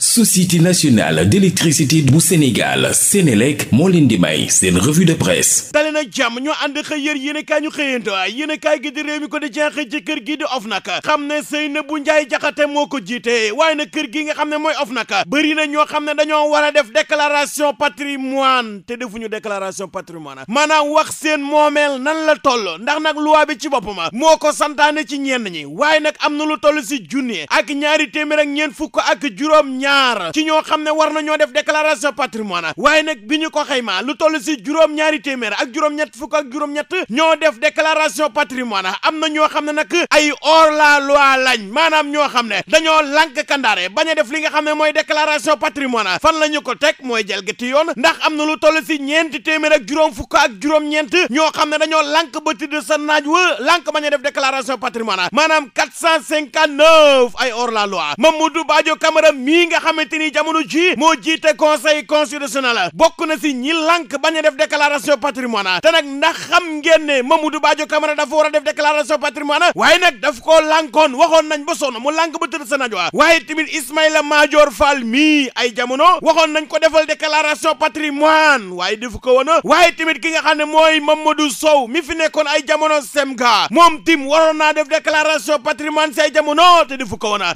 société nationale d'électricité bu Sénégal Sénélec moo leen di may seen revue de presse dali nag jàmm ñoo ànd xëy yër yéen i kaay ñu xëyanto yéen i kaay gi di réew mi ko di jenxë ci kër gi di OFNAC xam ne Seynabou Ndiaye Jaxate moo ko jiite waaye na kër gi nga xam ne mooy OFNAC bëri na ñoo xam ne dañoo war a def déclaration patrimoine te defuñu déclaration patrimoine maanaam wax seen moomeel nan la toll ndax nag loi bi ci boppam moo ko santaane ci ñenn ñi waaye nag am na lu toll si junni ak ñaari téeméer ak ñaar ci ñoo xam ne war na ñoo def déclaration patrimoine waaye nag bi ñu ko ma lu toll si juróom-ñaari téeméer ak juróom-ñett fukk ak juróom-ñett ñoo def déclaration patrimoine am na ñoo xam ne nag ay or la loi lañ maanaam ñoo xam ne dañoo lank kandaare bañ a def li nga xam ne mooy déclaration patrimoine fan la ñu ko teg mooy jalgati yoon ndax am na lu toll si ñeenti téeméer ak juróom fukk ak juróom-ñeent ñoo xam ne dañoo lank ba tëdd sa naaj wa lànk bañ a def déclaration maanaam 459 ay hors la loi Mamadou Badio nga xamante ni jamono ji moo jiite conseil constitutionnel bokk na si ñi lànk bañ a def déclaration patrimoine te nag ndax xam ngeen ne Mamadou Badio Camara dafa war a def déclaration patrimoine waaye nag daf koo lànkoon waxoon nañ ba mu lànk ba tëdd sa naaj wa waaye tamit Ismaïla Madior Fall mii ay jamono waxoon nañ ko defal déclaration patrimoine waaye defu ko woon waaye tamit ki nga xam ne mooy Mamadou Sow mi fi nekkoon ay jamono semga moom tim waroon naa def déclaration patrimoine si ay jamono te ko woon a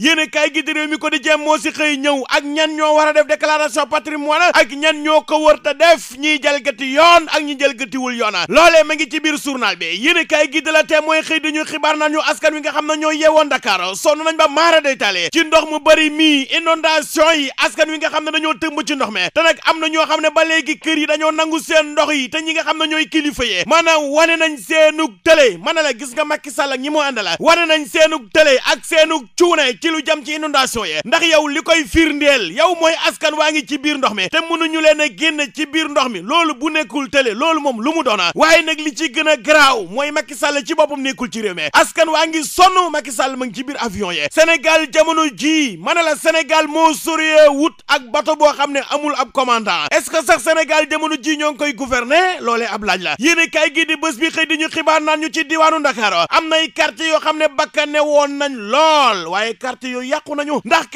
ñëw ak ñan ñoo war a def déclaration patrimoine ak ñan ñoo ko wër te def ñiy jalgati yoon ak ñi jalgatiwul yoon loolee ma ngi ci biir journal bi yéen kay gi de la te mooy xëy dañu xibaar nañu askan wi nga xam ne ñoo yeewoon Dakar sonn nañ ba maara day tale ci ndox mu bari mii inondation yi askan wi nga xam ne dañoo tëmb ci ndox mi te nag am na ñoo xam ne ba léegi kër yi dañoo nangu seen ndox yi te ñi nga xam na ñooy kilifa yi maanaam wane nañ seenug tële ma na la gis nga Macky Sall ak ñi mu ànd wane nañ seenug tële ak seenug cuune ci lu ci inondation yi firndeel yow mooy askan waa ngi ci biir ndox mi te mënuñu leen a génn ci biir ndox mi loolu bu nekkul tële loolu moom lu mu doona waaye nag li ci gën a garaaw mooy Macky Sall ci boppam nekkul ci réew mi askan waa ngi sonn Macky Sall ma ngi ci biir avion yee Sénégal jamono ji ma ne la Sénégal moo soriye wut ak bato boo xam ne amul ab commandant est-ce que sax Sénégal jamono ji ñoo ngi koy gouverner loolee ab laaj la yéen kay gi di bés bi xëy di ñu xibaar naan ñu ci diwaanu Ndakaaru am nay quartier yoo xam ne bakkane woon nañ lool waaye quartier yooyu yàqu nañu ndax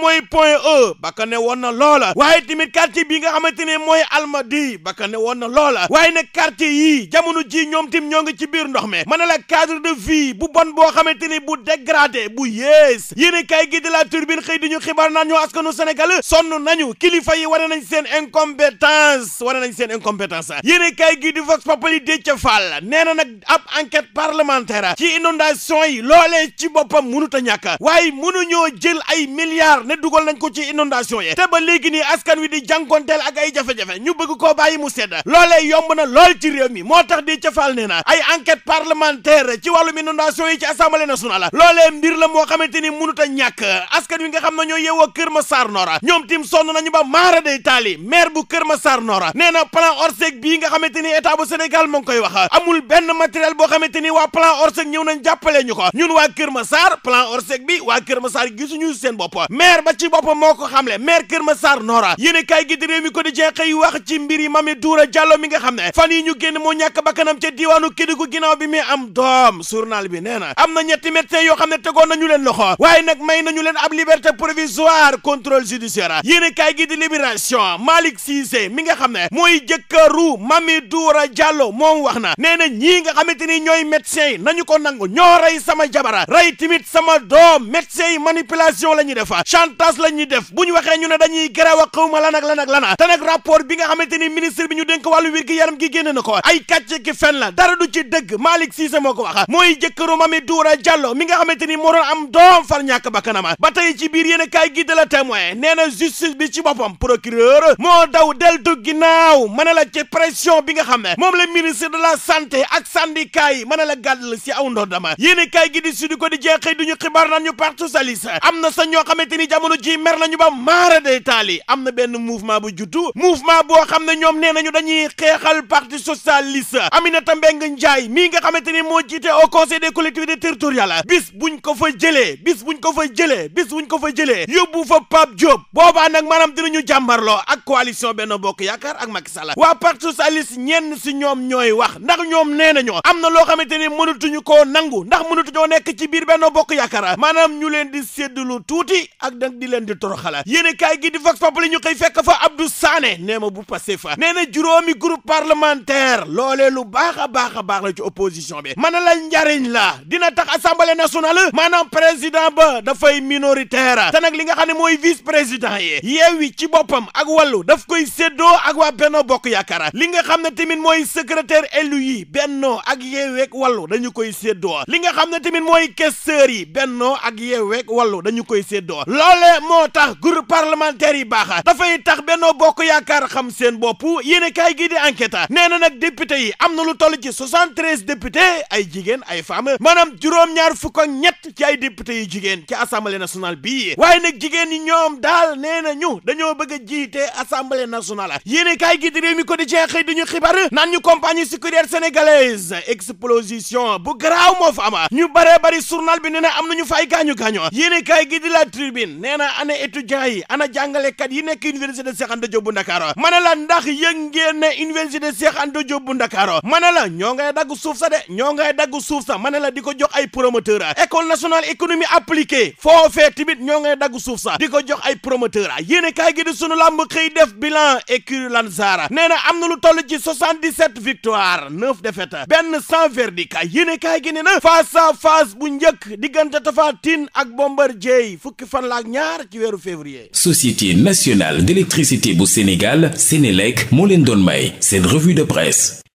mooy point E bakka woon na loola waaye tamit quartier bii nga xamante ne mooy Almadies di ne woon na loola waaye nag quartier yi jamono ji ñoom tim ñoo ngi ci biir ndox mi mën na la cadre de vie bu bon boo xamante ni bu degrade bu yées yéen kay gi de la turbine xëy di ñu xibaar naan ñu askanu Sénégal sonn nañu kilifa yi wane nañ seen incompétence wane nañ seen incompétence yéen kay gi di Vox Populi Déthié Fall nee na nag ab enquête parlementaire ci inondation yi loolee ci boppam mënut a ñàkk waaye mënuñoo jël ay milliards ne dugal nañ ko ci inondation yi te ba léegi nii askan wi di jànkonteel ak ay jafe-jafe ñu bëgg koo bàyyi mu sedd loolee yomb na lool ci réew mi moo tax di cafaal nee na ay enquête parlementaire ci wàllum inondation yi ci assemblée nationale loolee mbir la moo xamante ni mënut a ñàkk askan wi nga xam ne ñoo yeewoo Kër ma Massar Nord ñoom tim sonn nañu ba maara day taali maire bu Kër Massar Nord nee na plan Orsec bii nga xamante ni état bu Sénégal moo ngi koy wax amul benn matériel boo xamante ni waa plan Orsec ñëw nañ jàppale ñu ko ñun waa Kër Massar plan Orsec bi waa Kër Massar gisuñu seen bopp maire maire ba ci boppam moo ko xamle maire Kër Massar Nord yéen kay gi di réew mi ko di wax ci mbir yi Mamy Touré Diallo mi nga xam ne fan yi ñu génn moo ñàkk bakkanam ca diiwaanu Kédougou ginnaaw bi muy am doom journal bi nee na am na ñetti médecin yoo xam ne tegoon nañu leen loxo waaye nag may nañu leen ab liberté provisoire contrôle judiciaire yéen kay gi di Libération Malick Cissé mi nga xam ne mooy jëkkëru Mamy Touré Diallo moom wax na nee na ñii nga xamante ni ñooy médecin yi nañu ko nangu ñoo rey sama jabara rey tamit sama doom médecin yi manipulation la ñuy def chantage la ñuy def bu ñu waxee ñu ne dañuy grève xawma lan ak te nag rapport bi nga xamante ni ministre bi ñu dénk wàllu wér yaram gi génn na ko ay kàcc ki fen la dara du ci dëgg Malick Cissé moo ko wax mooy jëkkëru Mamy Doura Diallo mi nga xamante ni moo am doom far ñàkk bakkanam ba tey ci biir yéen a kaay la témoin nee na justice bi ci boppam procureur moo daw deltu ginnaaw mën la ci pression bi nga xam moom la ministre de a jamono ji mer nañu ba maara day taal yi am na benn mouvement bu juddu mouvement boo xam ne ñoom nee nañu dañuy xeexal parti socialiste Aminata Mbengue Ndiaye mii nga xamante ni moo jiite au conseil des collectivités territoriales bis buñ ko fa jëlee bis buñ ko fa jëlee bis buñ ko fa jëlee yóbbu fa Pape Diop boobaa nag maanaam dinañu jàmbarloo ak coalition Benno Bokk Yaakaar ak Macky Sall waa parti socialiste ñenn si ñoom ñooy wax ndax ñoom nee nañoo am na loo xamante ni mënatuñu koo nangu ndax mënatuñoo nekk ci biir Benno Bokk Yaakaar maanaam ñu leen di séddlu tuuti ak nag di leen di toroxala yéen kaay gi di vox populi ñu koy fekk fa Abdou Sané nee ma bu passé fa nee na juróomi groupe parlementaire loolee lu baax a baax a baax la ci opposition bi mën la njariñ la dina tax assemblée nationale maanaam président ba dafay minoritaire te nag li nga xam ne mooy vice président yi yeewi ci boppam ak wàllu daf koy séddoo ak waa Benno Bokk Yaakaar li nga xam ne tamit mooy secrétaire élu yi Benno ak yeewi ak dañu koy seddoo li nga xam ne tamit mooy questeur yi Benno ak yeewi ak dañu koy séddoo loole moo tax groupe parlementaire yi baax a dafay tax Benno Bokk Yaakaar xam seen bopp yéen kaay gi di enquête nee na nag député yi am na lu toll ci 73 député ay jigéen ay femmes maanaam juróom-ñaar fukk ak ñett ci ay député yu jigéen ci assemblée national bi waaye nag jigéen ñi ñoom daal nee na ñu dañoo bëgg a jiite assemblée nationale yéen kaay gi di réew mi ko di jeexee duñu xibaar naan ñu compagnie sucrière sénégalaise explosion bu garaaw moo fa ama ñu bare bari journal bi nee na am nañu fay gaañu gaañu yéen kaay gi di la tribune nee na ana étudiants yi ana jàngalekat yi nekk université Cheikh Anta Diop bu Ndakaaru ma ne la ndax yëg ngeen ne université Cheikh Anta Diop bu Ndakaaru ma ne la ñoo ngay dagg suuf sa de ñoo ngay dagg suuf sa ma ne la di ko jox ay promoteur école nationale économie appliquée foofee tamit ñoo ngay dagg suuf sa di ko jox ay promoteur a yéen kaay gi di sunu làmb xëy def bilan écurie Lansara nee na am na lu toll ci 77 victoire 9 défaites benn sans verdict yéen kaay gi ne na face à face bu njëkk diggante Tapha Tine ak Bombardier fukki fan la ñaar ci weeru société nationale d'électricité bu Sénégal Sénélec moo leen doon may seen revue de presse.